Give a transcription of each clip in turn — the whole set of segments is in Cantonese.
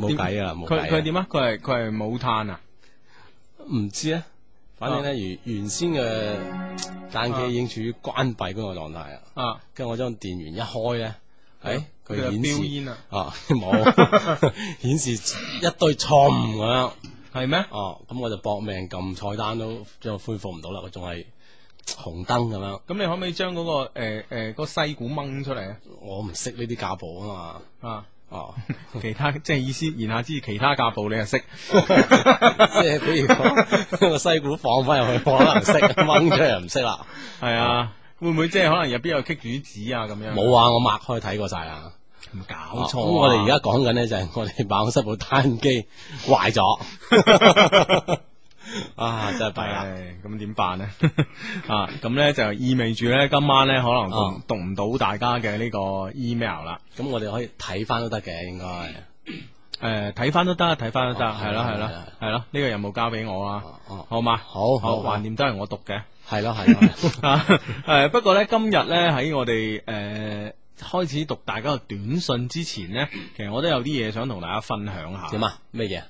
冇計啊！佢佢點啊？佢係佢係冇碳啊？唔知啊，反正咧原原先嘅，單機已經處於關閉嗰個狀態啦。啊，跟住我將電源一開咧，誒，佢就燒煙啊，冇顯示一堆錯誤咁樣，係咩？哦，咁我就搏命撳菜單都將恢復唔到啦，佢仲係紅燈咁樣。咁你可唔可以將嗰個誒誒個西古掹出嚟啊？我唔識呢啲架寶啊嘛。啊。哦，其他即係意思，言下之意，其他價部你又識，即係 比如個 西股放翻入去可，可能識，掹出又唔識啦，係啊，會唔會即係可能入邊有棘住啲紙啊咁樣？冇啊，我擘開睇過晒啦，唔搞錯。咁、啊、我哋而家講緊咧就係我哋辦公室部單機壞咗。 啊，真係弊啦！咁點、哎、辦呢 啊，咁呢就意味住呢，今晚呢可能讀唔到大家嘅呢個 email 啦。咁、哦、我哋可以睇翻都得嘅，應該誒睇翻都得，睇翻都得，係啦係啦係啦，呢個任務交俾我啊，哦哦、好嘛吧？好，橫掂、哦、都係我讀嘅，係啦係啦，不過呢，今日呢，喺我哋誒、呃、開始讀大家嘅短信之前呢，其實我都有啲嘢想同大家分享下。點啊？咩嘢？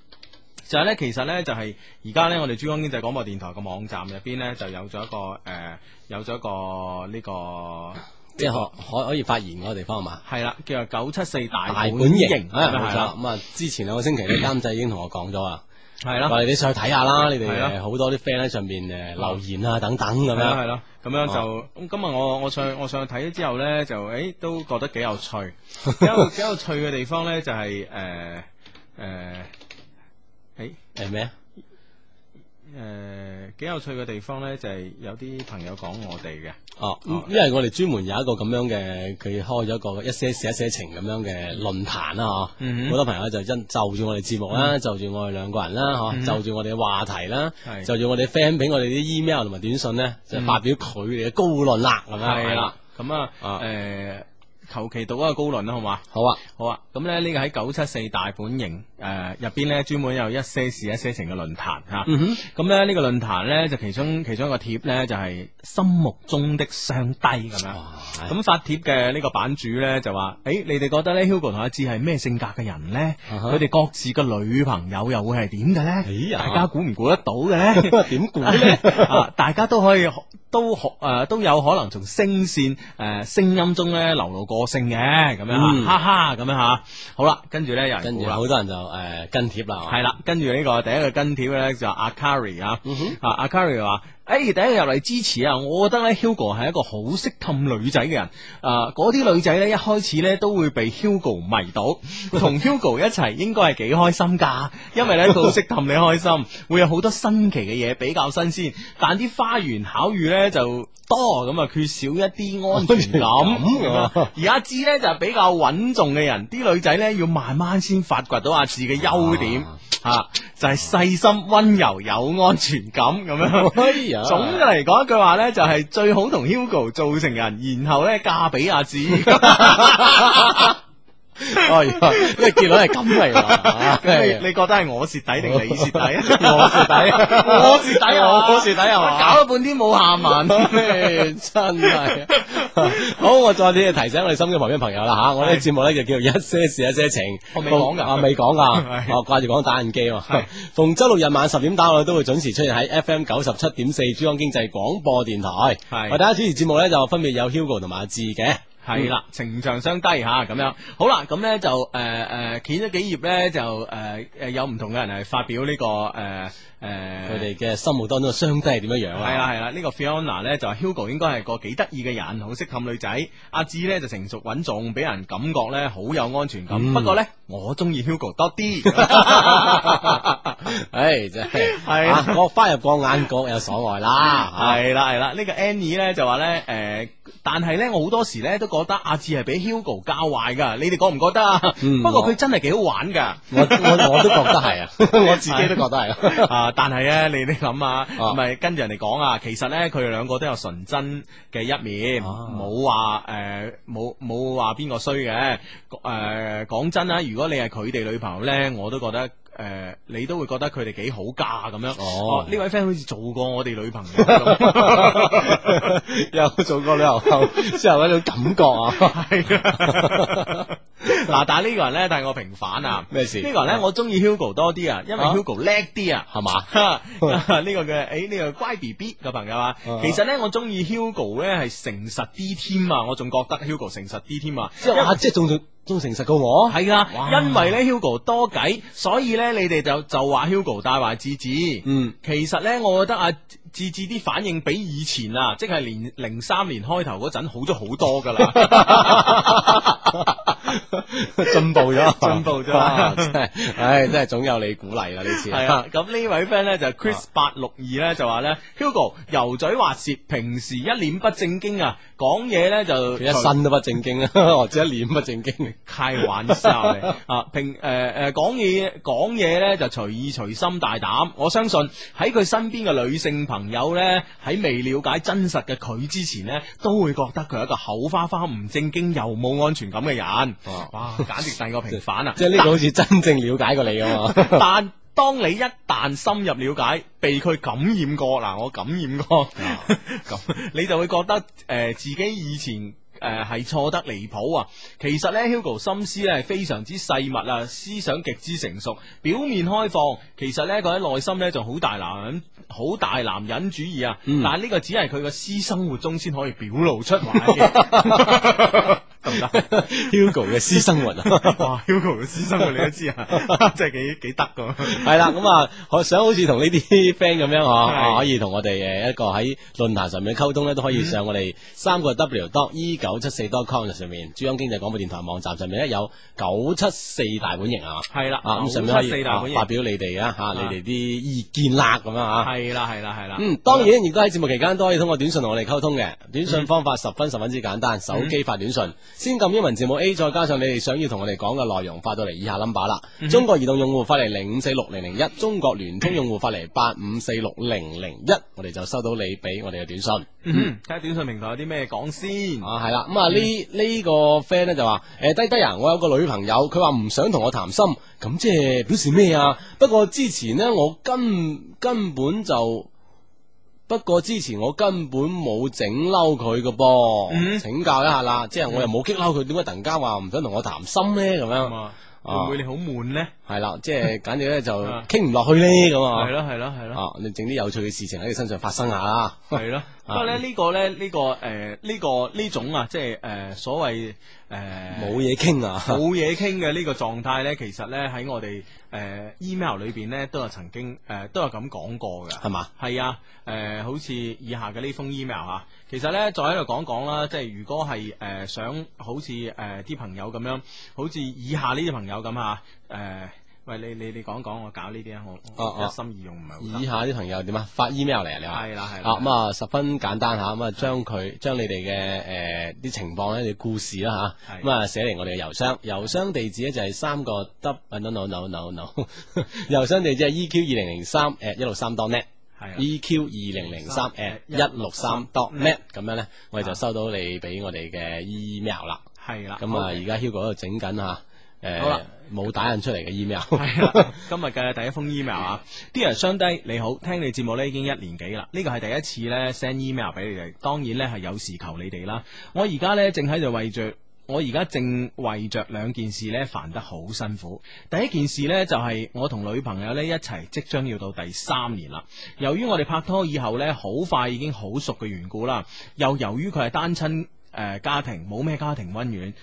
就係咧，其實咧，就係而家咧，我哋珠江經濟廣播電台個網站入邊咧，就有咗一個誒、呃，有咗一個呢、呢個即係可可以發言嗰個地方係嘛？係啦，叫做九七四大本營係啦。咁啊，之前兩個星期咧，你監製已經同我講咗啦，係啦、嗯了，你上去睇下啦，你哋好多啲 friend 喺上面留言啊了等等咁樣，係啦，咁樣就、哦、今日我我上我上去睇咗之後咧，就誒、欸、都覺得幾有趣。幾 有，有趣嘅地方咧，就係、是、誒、呃呃係係咩？誒，幾有趣嘅地方咧，就係有啲朋友講我哋嘅哦，因為我哋專門有一個咁樣嘅，佢開咗一個一些事一些情咁樣嘅論壇啦，好多朋友就因就住我哋節目啦，就住我哋兩個人啦，就住我哋嘅話題啦，就住我哋 fans 俾我哋啲 email 同埋短信咧，就發表佢哋嘅高論啦，咁樣係啦，咁啊誒。求其讀一個高論啦，好嘛？好啊，好啊。咁咧，呢個喺九七四大本營誒入邊咧，專、呃、門有一些事一些情嘅論壇嚇。咁、啊、咧，嗯、哼個呢個論壇咧就其中其中一個貼咧就係、是、心目中的上帝咁樣咁哇發帖嘅呢個版主咧就話誒、欸、你哋覺得咧，Hugo 同阿志係咩性格嘅人咧？佢哋、啊、哈各自嘅女朋友又會係點嘅咧？欸啊、大家估唔估得到嘅咧？點估咧？ 啊，大家都可以都可、呃、都有可能從聲線誒聲、呃、音中咧流露過。個性嘅咁樣吓，嗯、哈哈咁樣吓，好啦，跟住咧又跟住啦，好多人就誒、呃、跟帖啦，係啦，跟住呢個第一個跟帖咧就是、阿 Carrie 啊，阿 Carrie 話。哎，第一個入嚟支持啊！我覺得咧，Hugo 係一個好識氹女仔嘅人。啊、呃，嗰啲女仔呢一開始呢都會被 Hugo 迷倒，同 Hugo 一齊應該係幾開心㗎，因為呢好識氹你開心，會有好多新奇嘅嘢比較新鮮。但啲花言巧語呢就多，咁啊缺少一啲安全感。而阿志呢就係、比較穩重嘅人，啲女仔呢要慢慢先發掘到阿志嘅優點。吓、啊、就係、是、細心温柔有安全感咁樣，總嘅嚟講一句話呢，就係、是、最好同 Hugo 做成人，然後呢嫁俾阿紫。 哦，因為結論係咁嚟啊，你你覺得係我蝕底定你蝕底？我蝕底，我蝕底，我我蝕底搞咗半天冇下文，真係。好，我再啲要提醒我哋收音機旁邊朋友啦吓，我呢個節目咧就叫做一些事一些情，我未講噶，我未講噶，我掛住講打印機喎。逢周六日晚十點打我都會準時出現喺 FM 九十七點四珠江經濟廣播電台，係我大家主持節目咧就分別有 Hugo 同阿志嘅。係啦，成長是、嗯、相低吓。咁樣好啦，咁咧就誒誒，掀、呃、咗、呃、幾頁咧，就誒誒、呃，有唔同嘅人係發表呢、這個誒。呃誒，佢哋嘅心目當中嘅雙低係點樣樣啊？係啦係啦，這個、呢個 Fiona 咧就話 Hugo 應該係個幾得意嘅人，好識氹女仔。阿志咧就成熟穩重，俾人感覺咧好有安全感。嗯、不過咧，我中意 Hugo 多啲。唉、 哎，真係係啊，各花各眼角，各有所愛啦。係啦係啦，這個、呢個 Annie 咧就話咧，誒、呃，但係咧我好多時咧都覺得阿志係俾 Hugo 教壞噶。你哋覺唔覺得啊？嗯、不過佢真係幾好玩噶。我我我都覺得係啊， 我自己都覺得係啊。 但係咧、啊，你你諗啊，唔係、啊、跟住人哋講啊，其實咧，佢哋兩個都有純真嘅一面，冇話誒，冇冇話邊個衰嘅。誒、呃，講、呃、真啦，如果你係佢哋女朋友咧，我都覺得誒、呃，你都會覺得佢哋幾好嫁咁樣。哦，呢、啊、位 friend 好似做過我哋女朋友，又做過女朋友之後一種 感覺啊。係 嗱， 但係呢個人咧，但係我平反我啊，啊，啊，咩事？呢個人咧，我中意 Hugo 多啲啊，因為 Hugo 叻啲啊，係嘛？呢個嘅誒，呢個乖 BB 嘅朋友啊，其實咧、啊啊，我中意 Hugo 咧係誠實啲添啊，我仲覺得 Hugo 誠實啲添啊，即係即係仲仲仲誠實過我，係啊，因為咧 Hugo 多計，所以咧你哋就就話 Hugo 大壞智智，嗯，其實咧我覺得啊。字字啲反應比以前啊，即係年零三年開頭嗰陣好咗好多㗎啦， 進步咗了，進步咗、 啊，真係，唉、哎，真係總有你鼓勵啦呢次。係啊，咁、 啊啊、呢位 friend 咧就是、Chris 八六二咧就話咧，Hugo 油嘴滑舌，平時一臉不正經啊，講嘢咧就隨一身都不正經啊， 或者一臉不正經，開玩笑， 啊，平誒誒講嘢講嘢咧就隨意隨心大膽。我相信喺佢身邊嘅女性朋友。朋友呢，喺未了解真實嘅佢之前呢，都會覺得佢係一個口花花、唔正經又冇安全感嘅人。啊、哇，簡直第二個平反啊！即係呢個好似真正了解過你啊嘛。 但當你一旦深入了解，被佢感染過嗱，我感染過咁，啊、 你就會覺得誒、呃、自己以前誒係錯得離譜啊！其實呢 Hugo 心思咧係非常之細密啊，思想極之成熟，表面開放，其實呢，佢喺內心呢，就好大男人。好大男人主義啊！嗯、但係呢個只係佢嘅私生活中先可以表露出嚟。 Hugo 嘅私生活啊！ 哇 Hugo 嘅私生活你都知啊， 真係幾幾得噶。係啦， 咁、嗯、啊，我想好似同呢啲 friend 咁樣，的可以同我哋誒一個喺論壇上面溝通咧，都可以上我哋三個 W dot E 九七四 dot c o m 上面，珠江經濟廣播電台網站上面咧有九七四大本營啊。係啦的，咁上面可以，發表你哋啊吓，的你哋啲意見啦咁啊。係啦，係啦，係啦。嗯，當然，而家喺節目期間都可以通過短信同我哋溝通嘅，短信方法十分十分之簡單，手機發短信。先撳英文字母 A，再加上你哋想要同我哋講嘅內容發到嚟以下 number 啦。嗯、哼中國移動用戶發嚟零五四六零零一，中國聯通用戶發嚟八五四六零零一，我哋就收到你俾我哋嘅短信。睇下、嗯、短信平台有啲咩講先啊？係啦，咁啊呢呢個 friend 咧就話誒、呃，低低啊，我有個女朋友，佢話唔想同我談心，咁即係表示咩啊？嗯、不過之前呢，我根根本就。不過之前我根本冇整嬲佢噶噃，請教一下啦，即係、嗯、我又冇激嬲佢，點解突然間話唔想同我談心咧？咁樣、嗯啊啊、會唔會你好悶咧？係啦、啊，即係簡直咧就傾唔落去咧，咁啊，係咯係咯係咯，你整啲有趣嘅事情喺你身上發生下啦。係咯了，不過咧呢個咧呢個誒呢個呢、這個呃這個、種啊，即係誒所謂誒冇嘢傾啊，冇嘢傾嘅呢個狀態咧，其實咧喺我哋。誒、呃、email 裏邊咧都有曾經誒、呃、都有咁講過嘅，係嘛吧？係啊，誒、呃，好似以下嘅呢封 email 吓。其實咧，再喺度講講啦，即係如果係誒、呃、想好似誒啲朋友咁樣，好似以下呢啲朋友咁吓誒。呃喂，你你你講講，我搞呢啲啊，我一心二用唔係好、啊啊、以下啲朋友點啊？發 email 嚟啊，你話係啦係啦。咁啊，十分簡單吓，咁啊了，將佢將你哋嘅誒啲情況咧，啲故事啦吓，咁啊寫嚟我哋嘅郵箱，郵箱地址咧就係三個 w no no no no 郵、no, no, 箱地址 e q 二零零三 at 一六三 dot net e q 二零零三 at 一六三 dot net 咁樣咧，我哋就收到你俾我哋嘅 email 啦。係啦了，咁、嗯、啊而家 Hugo 度整緊吓。Okay, 誒，好啦了，冇打印出嚟嘅 email 的。係啦，今日嘅第一封 email 啊的，Dear 相低，你好，聽你節目呢已經一年幾啦，呢個係第一次呢 send email 俾你哋，當然呢係有事求你哋啦。我而家呢正喺度為着，我而家正為着兩件事呢煩得好辛苦。第一件事呢就係、是、我同女朋友呢一齊即將要到第三年啦。由於我哋拍拖以後呢，好快已經好熟嘅緣故啦，又由於佢係單親誒、呃、家庭，冇咩家庭溫暖。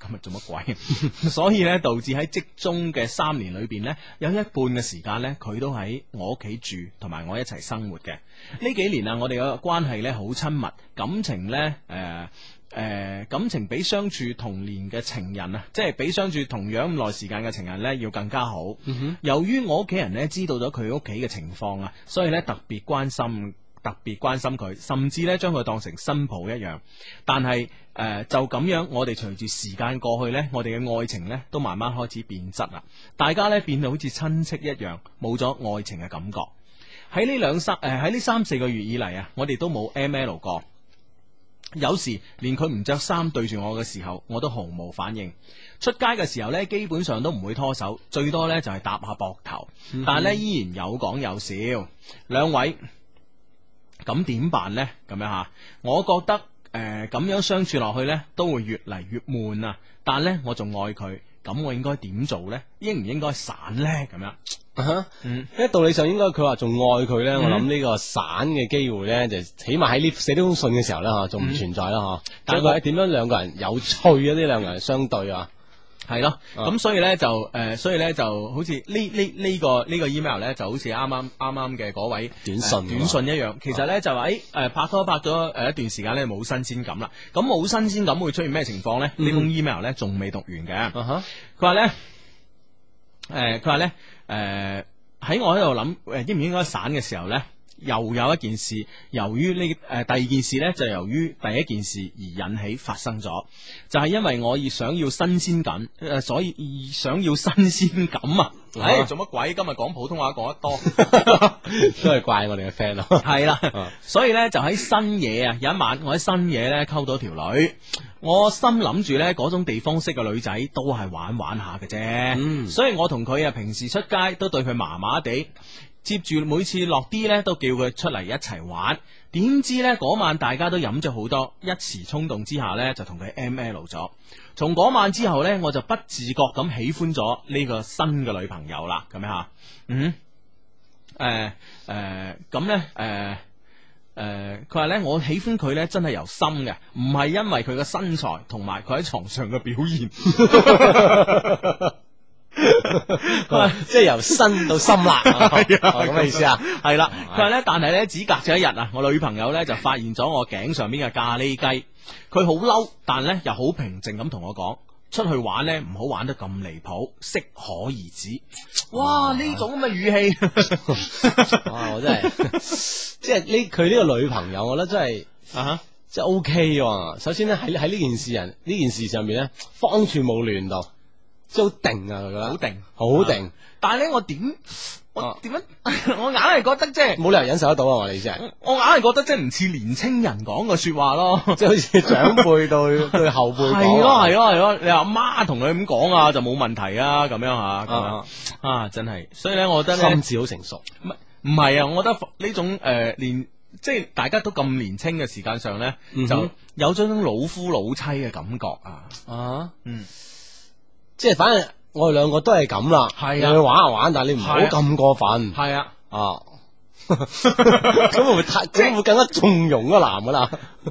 今日做乜鬼？ 所以咧，導致喺職中嘅三年裏邊咧，有一半嘅時間咧，佢都喺我屋企住，同埋我一齊生活嘅。呢幾年啊，我哋嘅關係咧好親密，感情咧，誒、呃、誒、呃，感情比相處同年嘅情人啊，即係比相處同樣咁耐時間嘅情人咧，要更加好。由於我屋企人咧知道咗佢屋企嘅情況啊，所以咧特別關心。特別關心佢，甚至咧將佢當成新抱一樣。但係誒、呃，就咁樣，我哋隨住時間過去呢，我哋嘅愛情呢都慢慢開始變質啦。大家咧變到好似親戚一樣，冇咗愛情嘅感覺。喺呢兩三誒喺呢三四個月以嚟啊，我哋都冇 M L 過。有時連佢唔着衫對住我嘅時候，我都毫無反應。出街嘅時候呢，基本上都唔會拖手，最多呢就係、是、搭下膊頭。Mm hmm. 但係呢依然有講有笑，兩位。咁點辦呢？咁樣吓，我覺得誒咁、呃、樣相處落去呢都會越嚟越悶啊！但呢我仲愛佢，咁我應該點做呢？應唔應該散呢？咁樣、uh，huh. 嗯，喺道理上應該，佢話仲愛佢呢我諗呢個散嘅機會呢就起碼喺呢寫呢封信嘅時候呢吓仲唔存在啦，吓、嗯。但係佢點樣兩個人有趣啊？呢兩個人相對啊？係咯，咁是、啊、所以咧就，誒，所以咧就好似呢呢呢個呢個 email 咧就好似啱啱啱啱嘅嗰位短信短信一樣，其實咧就話誒，拍拖拍咗誒一段時間咧冇新鮮感啦，咁冇新鮮感會出現咩情況咧？呢封 email 咧仲未讀完嘅，佢話咧，誒，佢話咧，誒，喺我喺度諗，誒，應唔應該散嘅時候咧？又有一件事，由於呢、呃、第二件事呢，就由於第一件事而引起發生咗，就係、是、因為我要想要新鮮感，呃、所以，以想要新鮮感啊！啊哎、做乜鬼？今日講普通話講得多， 都係怪我哋嘅 friend 咯。係啦，所以呢，就喺新嘢啊，有一晚我喺新嘢呢溝到條女，我心諗住呢嗰種地方識嘅女仔都係玩玩下嘅啫，嗯、所以我同佢啊平時出街都對佢麻麻地。接住每次落啲呢都叫佢出嚟一齊玩。點知呢，嗰晚大家都飲咗好多，一時衝動之下呢，就同佢 M L 咗。從嗰晚之後呢，我就不自覺咁喜歡咗呢個新嘅女朋友啦。咁樣吓，嗯，誒、呃、誒，咁、呃、咧，誒誒，佢、呃、話、呃、呢，我喜歡佢呢真係由心嘅，唔係因為佢嘅身材同埋佢喺床上嘅表現。 即係由身到心啦，係啊，咁嘅意思啊，係啦。佢話咧，但係咧，只隔咗一日啊，我女朋友咧就發現咗我頸上邊嘅咖喱雞，佢好嬲，但係咧又好平靜咁同我講，出去玩咧唔好玩得咁離譜，適可而止。哇，呢種咁嘅語氣，哇，我真係，即係呢，佢呢個女朋友，我覺得真係啊，即係 O K。首先咧喺喺呢件事人呢件事上面咧，方寸冇亂到。都定啊！佢覺得好定，好定。但係咧，我點我點樣？我硬係覺得即係冇理由忍受得到啊！我話你知，我硬係覺得即係唔似年青人講嘅說話咯，即係好似長輩對對後輩講。係咯，係咯，係咯！你阿媽同佢咁講啊，就冇問題啊，咁樣嚇，咁樣啊，真係。所以咧，我覺得心智好成熟。唔係啊，我覺得呢種誒年即係大家都咁年輕嘅時間上咧，就有種老夫老妻嘅感覺啊。啊，嗯。即係反正我哋兩個都係咁啦，又、啊、去玩下玩，但係你唔好咁過分。係啊，啊，咁 會唔會太？咁 會，會更加縱容個男噶啦？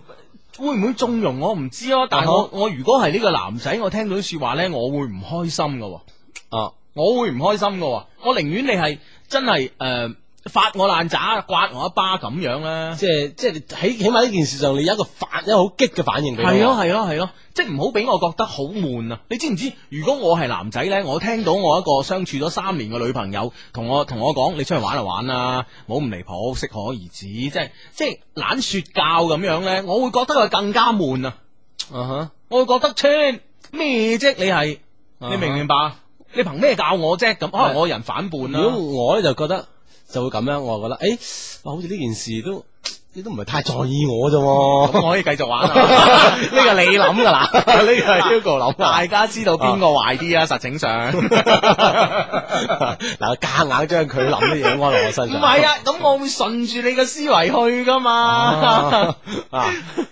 會唔會縱容我唔知咯。但係我、啊、我如果係呢個男仔，我聽到啲說話咧，我會唔開心噶。啊，我會唔開心噶。我寧願你係真係誒。呃.發我爛渣，刮我一巴咁樣啦。即係即係起起碼呢件事上，你有一個發一個好激嘅反應俾我、啊。係咯係咯係咯，即係唔好俾我覺得好悶啊！你知唔知？如果我係男仔呢，我聽到我一個相處咗三年嘅女朋友同我同我講，你出去玩嚟玩啦、啊，冇咁離譜，適可而止，即係即係懶說教咁樣呢，我會覺得佢更加悶啊！Uh huh. 我會覺得天咩啫？你係、uh huh. 你明唔明白？你憑咩教我啫？咁可能我人反叛啦、啊！如果我呢，就覺得。就會咁樣，我就覺得，誒，哇，好似呢件事都，你都唔係太在意我咋，我可以繼續玩啊？呢個你諗噶啦，呢個 j u g o 諗，大家知道邊個壞啲啊？實情上，嗱，夾硬將佢諗啲嘢安落我身上，唔係啊，咁我會順住你嘅思維去噶嘛，啊，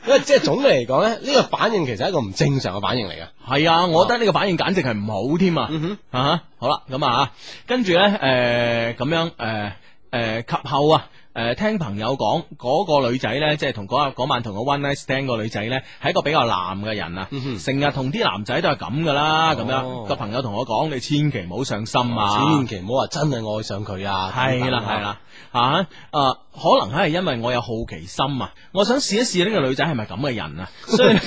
因為即係總嘅嚟講咧，呢個反應其實係一個唔正常嘅反應嚟嘅，係啊，我覺得呢個反應簡直係唔好添啊，啊，好啦，咁啊，跟住咧，誒，咁樣，誒。誒、呃，及後啊，誒、呃，聽朋友講，嗰、那個女仔呢，即係同嗰晚同個 One Night Stand 個女仔呢，係一個比較男嘅人啊，成日同啲男仔都係咁噶啦，咁樣、哦、個朋友同我講，你千祈唔好上心啊，千祈唔好話真係愛上佢啊，係啦係啦，啊！呃可能咧係因為我有好奇心啊，我想試一試呢個女仔係咪咁嘅人啊？所以呢，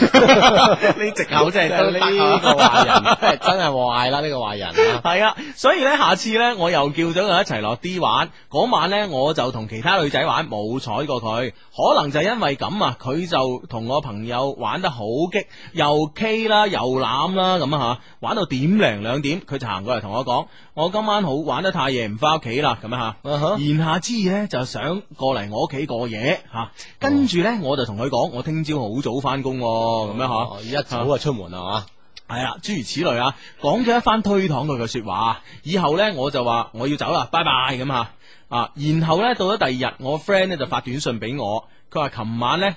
你直口真係都呢個壞人，真係真壞啦呢個壞人啊，係啊，啊、所以呢，下次呢，我又叫咗佢一齊落 D 玩，嗰晚呢，我就同其他女仔玩冇睬過佢，可能就因為咁啊，佢就同我朋友玩得好激，又 K 啦又攬啦咁啊吓，玩到點零兩點，佢就行過嚟同我講，我今晚好玩得太夜唔翻屋企啦，咁啊吓，言下之意呢，就想。過嚟我屋企過夜吓，啊，跟住呢，我就同佢講，我聽朝好早翻工咁樣吓，嗯、一早啊出門、嗯、啊，係啦，諸如此類啊，講咗一番推搪佢嘅說話，以後呢，我就話我要走啦，拜拜咁啊，啊，然後呢，到咗第二日，我 friend 呢就發短信俾我，佢話琴晚呢，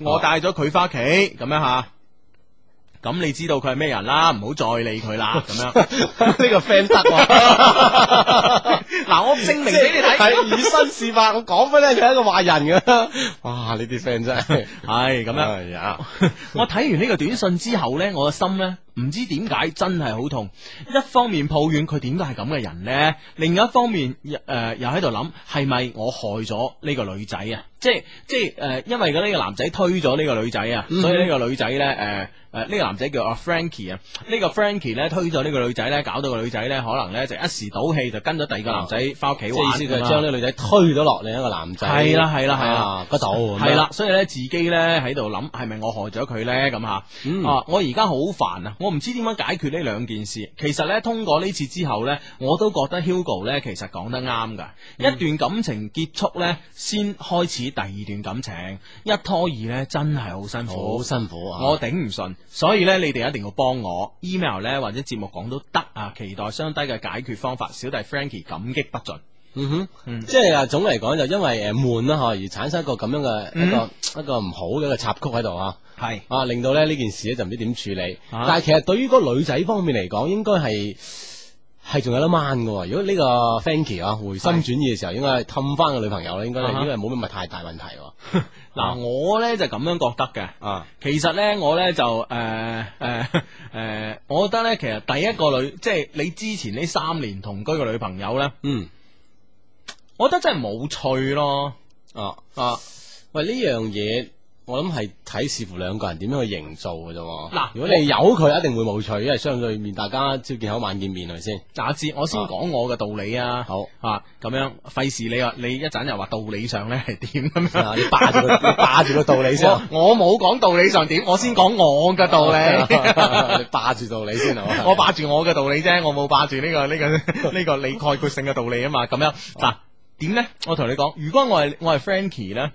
嗯、我帶咗佢翻屋企，咁樣吓。啊咁你知道佢係咩人啦，唔好再理佢啦，咁樣呢 個 friend 得、啊？嗱， 我證明俾你睇，是以身試法， 我講俾咧佢係一個壞人噶。哇、 啊！呢啲 friend 真係，唉、哎，咁樣。哎、呀 我睇完呢個短信之後咧，我個心咧。唔知點解真係好痛，一方面抱怨佢點解係咁嘅人呢，另外一方面，誒、呃、又喺度諗係咪我害咗呢個女仔啊？即係即係誒、呃，因為呢個男仔推咗呢個女仔啊，所以呢個女仔呢，誒誒呢個男仔叫阿 Frankie 啊，呢個 Frankie 咧推咗呢個女仔呢，搞到個女仔呢，可能呢就一時賭氣就跟咗第二個男仔翻屋企玩。即係意思就係將呢個女仔推咗落另一個男仔。係啦係啦係啦，嗰、啊、度。係啦、啊，所以是是呢，自己呢喺度諗係咪我害咗佢呢？」咁吓？啊，我而家好煩啊！我唔知點樣解決呢兩件事，其實呢，通過呢次之後呢，我都覺得 Hugo 呢其實講得啱噶，嗯、一段感情結束呢，先開始第二段感情，一拖二呢，真係好辛苦，好辛苦啊！我頂唔順，所以呢，你哋一定要幫我、嗯、email 呢，或者節目講都得啊！期待雙低嘅解決方法，小弟 Frankie 感激不盡。嗯哼，即、嗯、係總嚟講就因為誒悶啦而產生一個咁樣嘅一個、嗯、一個唔好嘅插曲喺度啊。係是啊，令到咧呢件事咧就唔知點處理。啊、但係其實對於個女仔方面嚟講，應該係係仲有得掹噶。如果呢個 Fanky 嗬、啊、回心轉意嘅時候，是應該氹翻個女朋友咧，應該、啊、應該係冇咩咪太大問題。嗱、啊，我咧就咁、是、樣覺得嘅。啊，其實咧我咧就誒誒誒，我覺得咧其實第一個女，嗯、即係你之前呢三年同居嘅女朋友咧，嗯，我覺得真係冇趣咯。啊啊，喂呢樣嘢。我諗係睇視乎兩個人點樣去營造嘅啫喏。嗱，如果你有佢，一定會冇趣，因為相對面大家朝見口晚見面，係咪先？炸字，我先講我嘅道理啊！好吓咁樣費事你話你一陣又話道理上咧係點咁樣，要霸住佢，霸住個道理先。 我我冇講道理上點，我先講我嘅道理。霸住道理先係我霸住我嘅道理啫，我冇霸住呢個呢個呢個理概括性嘅道理啊嘛。咁樣嗱，點咧好、啊？我同你講，如果我係我係 Frankie 咧。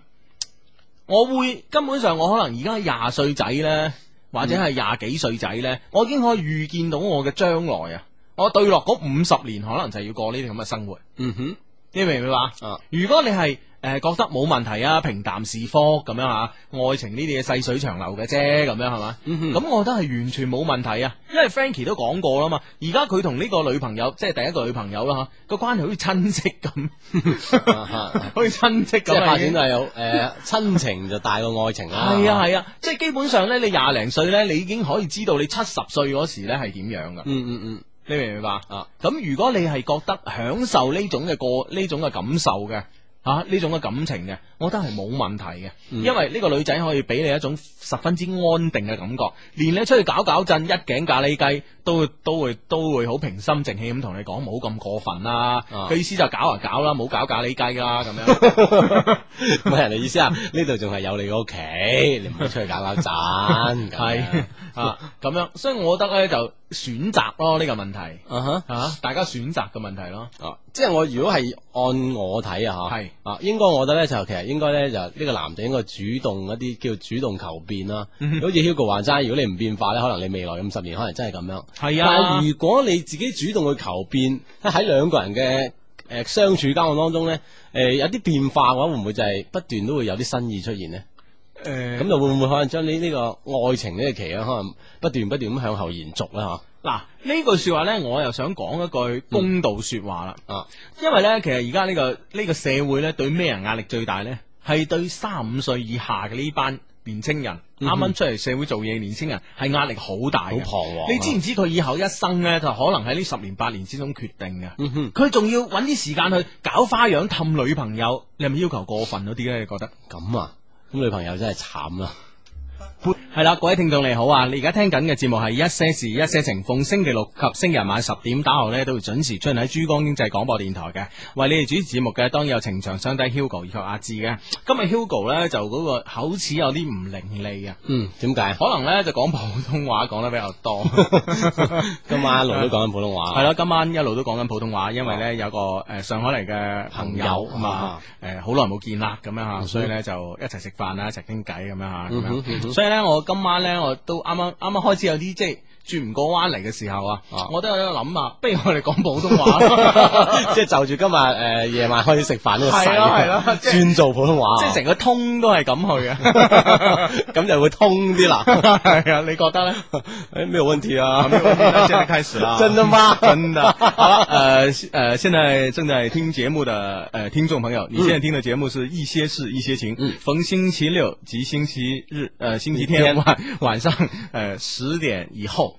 我會根本上，我可能而家廿歲仔咧，或者係廿幾歲仔咧，嗯、我已經可以預見到我嘅將來啊！我對落嗰五十年，可能就要過呢啲咁嘅生活。嗯哼，你明唔明白啊？如果你係。誒，覺得冇問題啊，平淡是福咁樣吓、啊，愛情呢啲嘢細水長流嘅啫，咁樣係、啊、嘛？咁、嗯、哼我覺得係完全冇問題啊，因為 Frankie 都講過啦嘛。而家佢同呢個女朋友，即係第一個女朋友啦吓，個、啊、關係好似親戚咁，好似親戚咁發展就係 有誒、呃，親情就大過愛情啦。係啊係啊，即係、啊就是、基本上咧，你廿零歲咧，你已經可以知道你七十歲嗰時咧係點樣噶。嗯嗯嗯，你明唔明白啊？咁如果你係覺得享受呢種嘅過呢種嘅感受嘅。吓呢、啊、種嘅感情嘅，我覺得係冇問題嘅，嗯、因為呢個女仔可以俾你一種十分之安定嘅感覺，連你出去搞搞震一頸咖喱雞，都會都會都會好平心靜氣咁同你講，冇咁過分啦、啊。佢、啊、意思就搞啊搞啦，冇搞咖喱雞啦咁樣。唔係 你意思啊？呢度仲係有你嘅屋企，你唔好出去搞搞震。係咁 啊啊、樣，所以我覺得咧就選擇咯，呢個問題。吓、啊哈啊，大家選擇嘅問題咯。啊、即係我如果係。按我睇啊，吓係啊，應該我覺得咧就其實應該咧就呢個男仔應該主動一啲叫主動求變啦，好似 Hugo 話齋，如果你唔變化咧，可能你未來五十年可能真係咁樣。係啊，但係如果你自己主動去求變，喺兩個人嘅誒、呃、相處交往當中咧，誒、呃、有啲變化嘅話，會唔會就係不斷都會有啲新意出現咧？誒、呃，咁就會唔會可能將你呢個愛情呢個期咧，可能不斷不斷咁向後延續啦，吓？嗱，呢句說話呢，我又想講一句公道說話啦、嗯。啊，因為呢，其實而家呢個呢、呢個社會呢，對咩人壓力最大呢？係對三五歲以下嘅呢班年青人，啱啱、嗯、哼出嚟社會做嘢年青人，係壓力好大。好彷徨！你知唔知佢以後一生呢，嗯、哼就可能喺呢十年八年之中決定嘅。嗯佢哼仲要揾啲時間去搞花樣氹女朋友，你係咪要求過分咗啲呢？你覺得？咁啊，咁女朋友真係慘啊！係啦，各位聽眾你好啊！你而家聽緊嘅節目係一些事一些情，逢星期六及星期日晚十點打後呢，都會準時出現喺珠江經濟廣播電台嘅，為你哋主持節目嘅，當然有情長相低 Hugo 以及阿志嘅。今日 Hugo 呢就嗰個口齒有啲唔伶俐啊，嗯，點解？可能呢就講普通話講得比較多。 今晚一路都講緊普通話。係啦 今晚一路都講緊普， 普通話，因為呢、啊、有個誒上海嚟嘅朋友，朋友啊嘛，誒好耐冇見啦，咁樣吓，所以呢就一齊食飯啦，一齊傾偈咁樣吓。嗯所以咧，我今晚咧，我都啱啱啱啱開始有啲即係，轉唔過彎嚟嘅時候啊，我都有一個諗啊，不如我哋講普通話，即係就住今日，誒，夜晚開始食飯呢個時間，係咯係咯，轉做普通話，即係成個通都係咁去嘅，咁就會通啲啦。係啊，你覺得咧？誒，冇問題啊？冇問題？現在開始啦！真的嗎？真的。好啦誒誒，現在正在聽節目嘅誒聽眾朋友，你現在聽嘅節目是《一些事一些情》，逢星期六及星期日誒星期天晚晚上誒十點以後。